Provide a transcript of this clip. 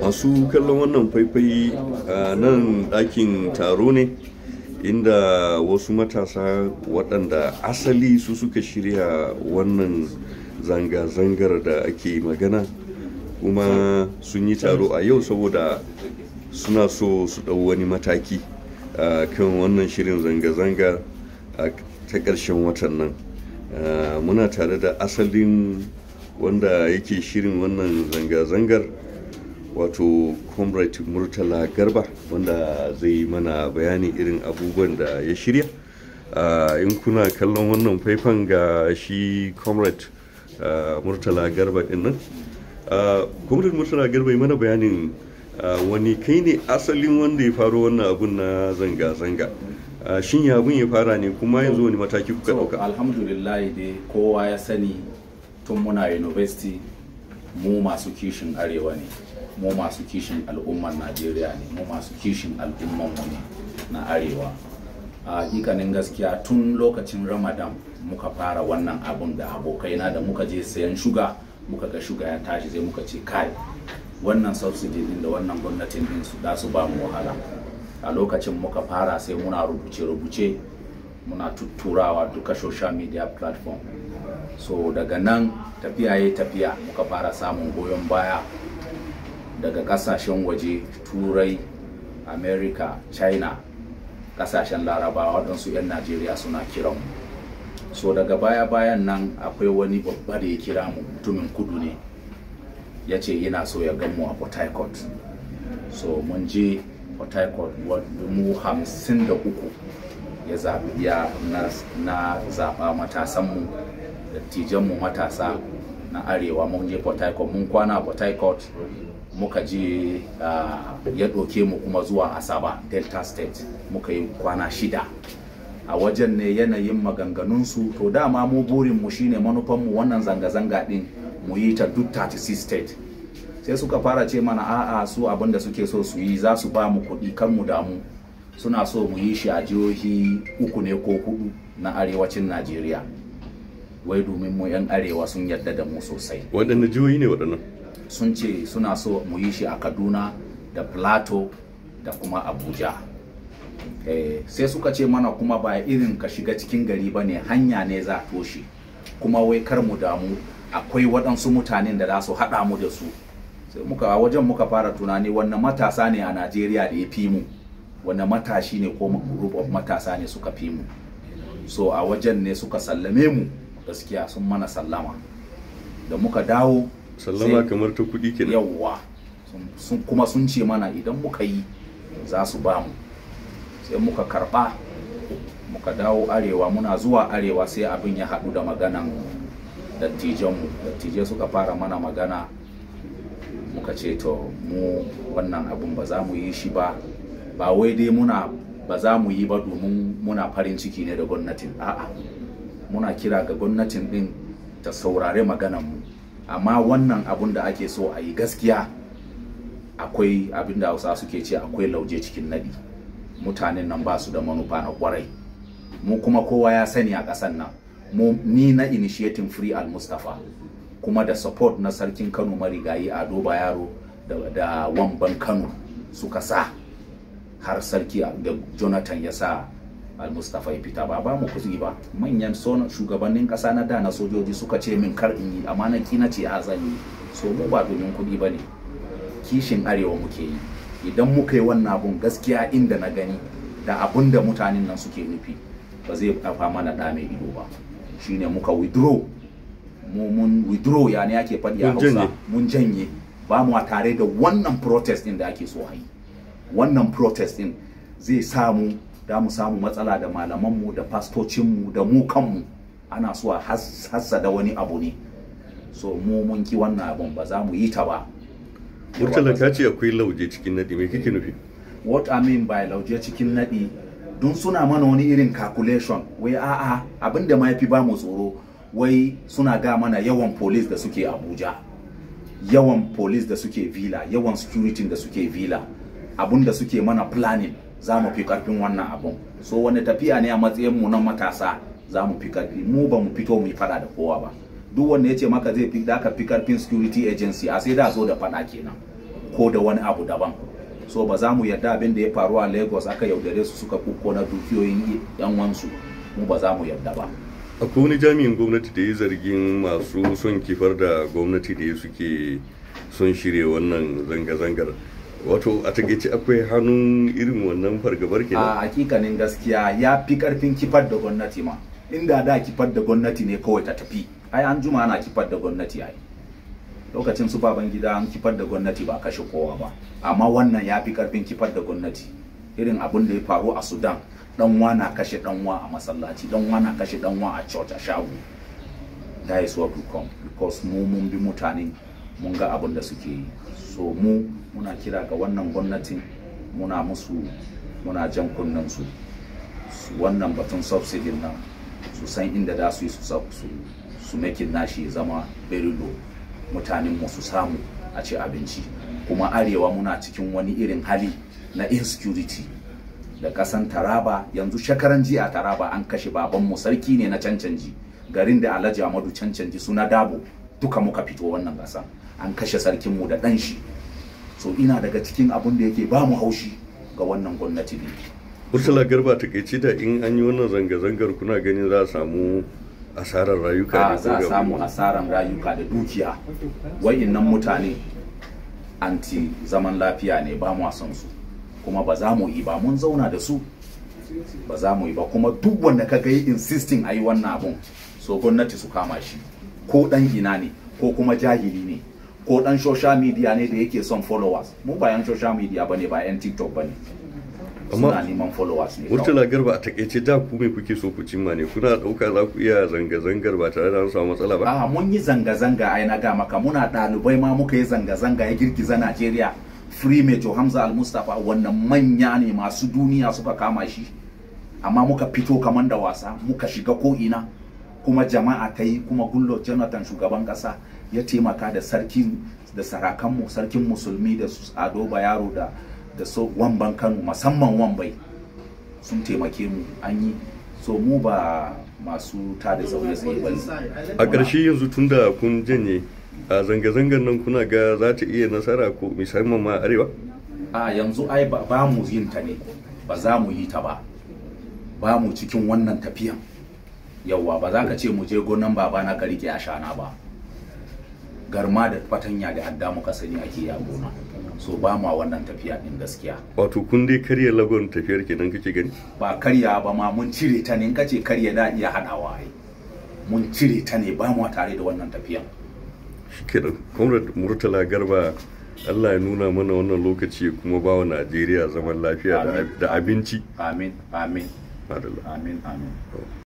masu kallon wannan faifai a nan ɗakin taro ne inda wasu matasa waɗanda asali su suka shirya wannan zanga-zangar da ake magana kuma sun yi taro a yau saboda suna so su ɗau wani mataki a kan wannan shirin zanga-zanga ta ƙarshen watan nan muna tare da asalin wanda yake shirin wannan zanga-zangar wato comrade murtala garba wanda zai mana bayani irin abubuwan da ya shirya in kuna kallon wannan faifan ga shi comrade murtala garba din nan comrade murtala garba mana bayanin wani kai ne asalin wanda ya faro wannan abun na zanga-zanga shin ya abun ya fara ne kuma yanzu wani mataki kuka dauka alhamdulillah dai kowa ya sani tun muna university mu masu kishin arewa ne mu masu kishin al'umman najeriya ne mu masu kishin al'umman mu ne na arewa a hakikanin gaskiya tun lokacin ramadan muka fara wannan abun da abokaina da muka je sayan shuga muka ga shuga ya tashi sai muka ce kai wannan subsidy din da wannan gwamnatin din su da su ba mu wahala a lokacin muka fara sai muna rubuce-rubuce muna tutturawa duka social media platform so daga nan tafiya ya tafiya muka fara samun goyon baya daga kasashen waje turai america china kasashen larabawa waɗansu 'yan najeriya suna kiran mu so daga baya bayan nan akwai wani babba da ya kira mu mutumin kudu ne ya ce yana so ya gan mu a port harcourt so mun je port harcourt mu hamsin da uku ya zaɓi ya na zaɓa matasanmu mu matasa na arewa mun je port harcourt mun kwana a port harcourt muka je ah, ya ɗauke mu kuma zuwa asaba delta state muka yi kwana shida a wajen ne yanayin maganganunsu to dama mu burinmu shine mu wannan zanga-zanga ɗin mu yi ta duk 36 state sai suka fara ce mana a'a su abin da suke so su yi za su ba mu kuɗi kan mu damu suna so mu yi shi a jihohi uku ne ko hudu na arewacin najeriya wai domin mu yan arewa sun yarda da mu sosai waɗanne jihohi ne waɗannan sun ce suna so mu yi shi a kaduna da plato da kuma abuja eh, sai suka ce mana kuma ba irin ka shiga cikin gari bane hanya ne za toshe kuma wai kar mu damu akwai waɗansu mutanen da za su haɗa mu da su sai muka a wajen muka fara tunani wannan matasa ne a najeriya da ya fi mu wannan matashi ne ko group of matasa ne suka fi mu so a wajen ne suka sallame mu gaskiya sun mana sallama da muka dawo sallama kamar ta kuɗi kenan yawwa sun kuma sun ce mana idan muka yi za su ba mu sai muka karɓa muka dawo arewa muna zuwa arewa sai abin ya haɗu da maganan dattijanmu dattijai suka fara mana magana muka ce to mu wannan abin ba za mu yi shi ba ba wai dai muna ba za mu yi ba domin muna farin ciki ne da gwamnatin a'a muna kira ga gwamnatin din ta saurare mu amma wannan abun da ake so a yi gaskiya akwai abin da hausa suke ce akwai lauje cikin nadi mutanen nan ba su da manufa na kwarai mu kuma kowa ya sani a ƙasan nan mu ni na initiating free al mustafa kuma da support na sarkin kano marigayi a doba yaro da, da wamban kano suka sa har sarki da jonathan ya sa almustafa ya fita ba ba mu kuɗi ba manyan shugabannin ƙasa na da na sojoji suka ce min kar in yi amma na ki na ce a so mu ba domin kuɗi ba ne kishin arewa muke yi idan muka yi wannan abun gaskiya inda na gani da abun da mutanen nan suke nufi ba zai kafa mana da mai ido ba shine muka withdraw mu mun withdraw ya ne ake faɗi a Hausa mun janye ba mu tare da wannan protest din da ake so a wannan protest din zai samu da mu samu matsala da malamanmu da fastocinmu da mu kanmu ana so a da wani abu ne so mu mun ki wannan abun ba za mu yi ta ba murtala ta ce akwai lauje cikin nadi me kike nufi what i mean by lauje cikin nadi don suna mana wani irin calculation wai a'a abinda ma yafi ba mu tsoro wai suna ga mana yawan police da suke abuja yawan police da suke villa yawan security da suke villa abinda suke mana planning za mu fi karfin wannan abun so wani tafiya ne a matsayin mu na matasa za mu fi karfi mu ba mu fito mu yi fada da kowa ba duk wanda ya ce maka zai fi daka fi karfin security agency a sai da zo da fada kenan ko da wani abu daban so ba za mu yarda abin da ya faru a lagos aka yaudare su suka kuko na dukiyoyin yan wansu mu ba za mu yarda ba akwai wani jami'in gwamnati da ya zargin masu son kifar da gwamnati da suke son shirya wannan zanga-zangar wato a takaice akwai hannun irin wannan fargabar kenan a hakikanin gaskiya ya fi karfin kifar da gwamnati ma inda da kifar da gwamnati ne kawai ta tafi ai an juma ana kifar da gwamnati ai lokacin su baban gida an kifar da gwamnati ba kashe kowa ba amma wannan ya fi karfin kifar da gwamnati irin abin da ya faru a sudan danwa na kashe danwa a masallaci danwa na kashe danwa a church a shago that is what we because mu mun bi mutane mun ga abin da suke yi so mu muna kira ga wannan gwamnatin muna musu muna jan kunnen su wannan batun subsidy nan su san inda da su yi su su makin nashi zama very low mutanen su samu a ci abinci kuma arewa muna cikin wani irin hali na insecurity da kasan taraba yanzu shekaran jiya taraba an kashe babanmu sarki ne na cancanji garin da alhaji amadu cancanji suna dabo duka muka fito wannan kasan an kashe sarkinmu da ɗan shi so ina daga cikin abun da yake ba mu haushi ga wannan gwamnati ne Ursula Garba ta kai da in an yi wannan zanga-zangar kuna ganin za a samu asarar rayuka ne za a samu asarar rayuka da dukiya nan mutane anti zaman lafiya ne ba mu san su kuma ba za mu yi ba mun zauna da su ba za mu yi ba kuma duk wanda ka ga insisting a yi wannan abun so gwamnati su kama shi ko dan gina ne ko kuma jahili ne ko dan social media ne da yake son followers mu ba yan social media bane ba yan tiktok bane amma neman followers ne murtala garba a takaice da ku mai kuke so ku cimma ne kuna dauka za ku iya zanga-zangar ba tare da an samu matsala ba a mun yi zanga-zanga ai na ga maka muna ɗalibai ma muka yi zanga-zanga ya girgiza najeriya free major hamza al mustafa wannan manya ne masu duniya suka kama shi amma muka fito kamar da wasa muka shiga ko ina kuma jama'a ta yi kuma gullo jonathan shugaban kasa ya taimaka da sarki da sarakanmu sarkin musulmi da su ado bayaro da da so wamban kano musamman wambai sun taimake mu an yi so mu ba masu ta da zaune tsaye ba a ƙarshe yanzu tun da kun janye a zanga-zangar nan kuna ga za ta iya nasara ko musamman ma arewa a yanzu ai ba mu yin ta ne ba za mu yi ta ba ba mu cikin wannan tafiyan yauwa ba za ka ce mu je gonan baba na ka rike a shana ba garma da fatanya da adda muka sani ake ya gona so ba ma wannan tafiya din gaskiya wato kun dai karya lagon tafiyar kenan kake gani ba karya ba ma mun cire ta ne in kace karya da iya hadawa ai mun cire ta ne ba mu tare da wannan tafiyan shikenan comrade murtala garba Allah ya nuna mana wannan lokaci kuma ba wa Najeriya zaman lafiya da abinci. Amin, amin. Amin, amin.